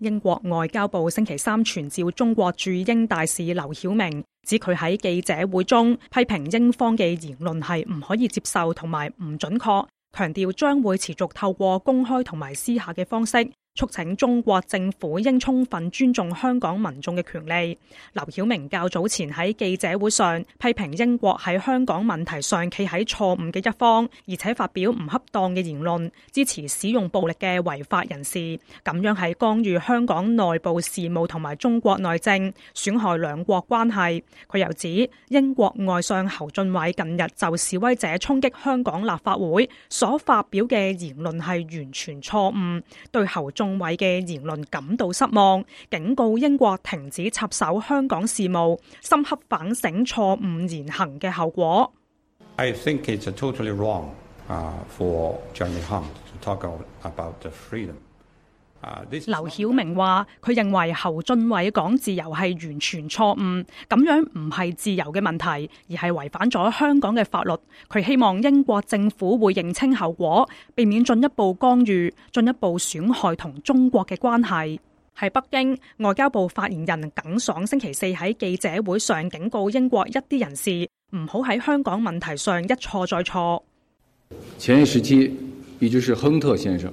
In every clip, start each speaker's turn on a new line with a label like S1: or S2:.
S1: 英國外交部星期三傳召中國駐英大使劉曉明，指佢喺記者會中批評英方嘅言論係唔可以接受同埋唔准確，強調將會持續透過公開同埋私下嘅方式。促請中國政府應充分尊重香港民眾嘅權利。劉曉明較早前喺記者會上批評英國喺香港問題上企喺錯誤嘅一方，而且發表唔恰當嘅言論，支持使用暴力嘅違法人士，咁樣係干預香港內部事務同埋中國內政，損害兩國關係。佢又指英國外相侯俊偉近日就示威者衝擊香港立法會所發表嘅言論係完全錯誤，對侯俊控委嘅言論感到失望，警告英國停止插手香港事務，深刻反省錯誤言行嘅後果。
S2: I think it's totally wrong for
S1: 劉曉明話，佢認為侯俊偉講自由係完全錯誤，咁樣唔係自由嘅問題，而係違反咗香港嘅法律。佢希望英國政府會認清後果，避免進一步干預，進一步損害同中國嘅關係。喺北京，外交部發言人耿爽星期四喺記者會上警告英國一啲人士唔好喺香港問題上一錯再錯。
S2: 前一時期，也就是亨特先生。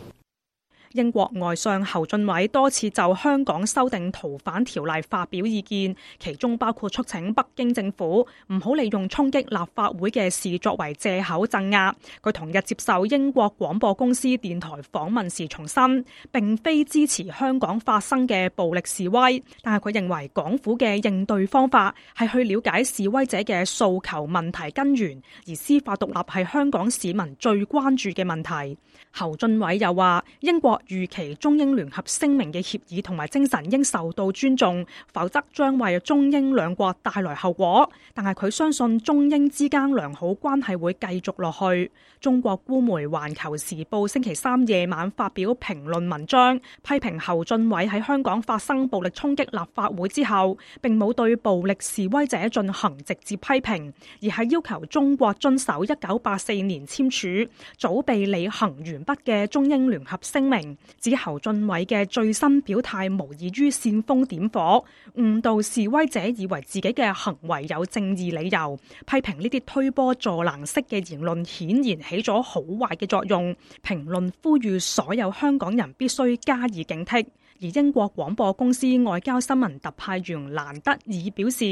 S1: 英國外相侯俊偉多次就香港修訂逃犯條例發表意見，其中包括促請北京政府唔好利用衝擊立法會嘅事作為借口鎮壓。佢同日接受英國廣播公司電台訪問時重申，並非支持香港發生嘅暴力示威，但係佢認為港府嘅應對方法係去了解示威者嘅訴求問題根源，而司法獨立係香港市民最關注嘅問題。侯俊偉又話，英國，預期中英聯合聲明嘅協議同埋精神應受到尊重，否則將為中英兩國帶來後果。但係佢相信中英之間良好關係會繼續落去。中國官媒環球時報星期三夜晚發表評論文章，批評侯俊偉喺香港發生暴力衝擊立法會之後，並冇對暴力示威者進行直接批評，而係要求中國遵守一九八四年簽署、早被履行完畢嘅中英聯合聲明。指侯俊偉嘅最新表態無異於煽風點火，誤導示威者以為自己嘅行為有正義理由，批評呢啲推波助瀾式嘅言論顯然起咗好壞嘅作用。評論呼籲所有香港人必須加以警惕。而英國廣播公司外交新聞特派員蘭德爾表示，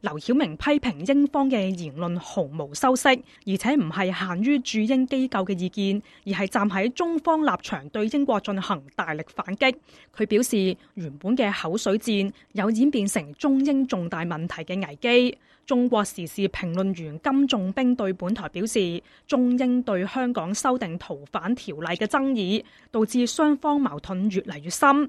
S1: 劉曉明批評英方嘅言論毫無修飾，而且唔係限於駐英機構嘅意見，而係站喺中方立場對英國進行大力反擊。佢表示，原本嘅口水戰有演變成中英重大問題嘅危機。中國時事評論員金仲兵對本台表示，中英對香港修訂逃犯條例嘅爭議，導致雙方矛盾越嚟越深。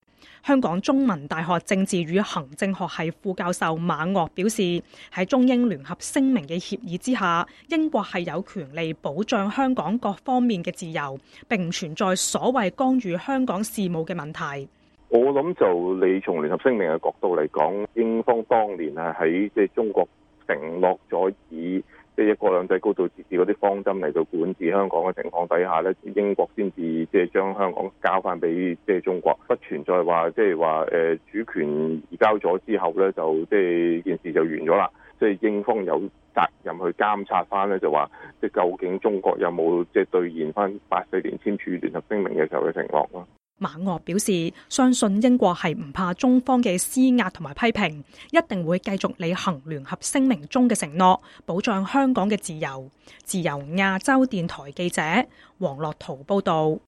S1: 香港中文大學政治與行政學系副教授馬岳表示：喺中英聯合聲明嘅協議之下，英國係有權利保障香港各方面嘅自由，並唔存在所謂干預香港事務嘅問題，
S2: 我諗就你從聯合聲明嘅角度嚟講，英方當年係喺即係中國承諾咗以。即係一國兩制高度自治嗰啲方針嚟到管治香港嘅情況底下咧，英國先至即係將香港交翻俾即係中國，不存在話即係話誒主權移交咗之後咧，就即係件事就完咗啦。即係英方有責任去監察翻咧，就話即係究竟中國有冇即係兌現翻八四年簽署聯合聲明嘅時候嘅承諾啦。
S1: 馬俄表示，相信英國係唔怕中方嘅施壓同埋批評，一定會繼續履行聯合聲明中嘅承諾，保障香港嘅自由。自由亞洲電台記者黃樂圖報道。